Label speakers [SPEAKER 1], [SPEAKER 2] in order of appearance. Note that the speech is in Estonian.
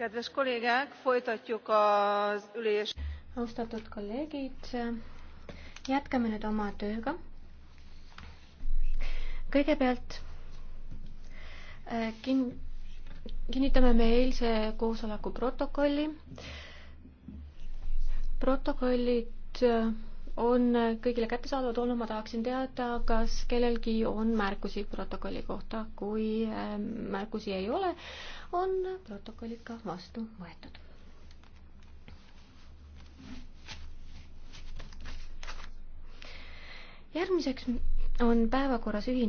[SPEAKER 1] kedves kollégák, folytatjuk az ülés. Austatud kolleegid, jätkame nüüd
[SPEAKER 2] oma tööga. Kõigepealt eh, kin- kinnitame me eilse koosoleku protokolli. protokollid äh, on kõigile kättesaadavad olnud, ma tahaksin teada, kas kellelgi on märkusi protokolli kohta, kui äh, märkusi ei ole, on protokollid ka vastu võetud järgmiseks on päevakorras ühine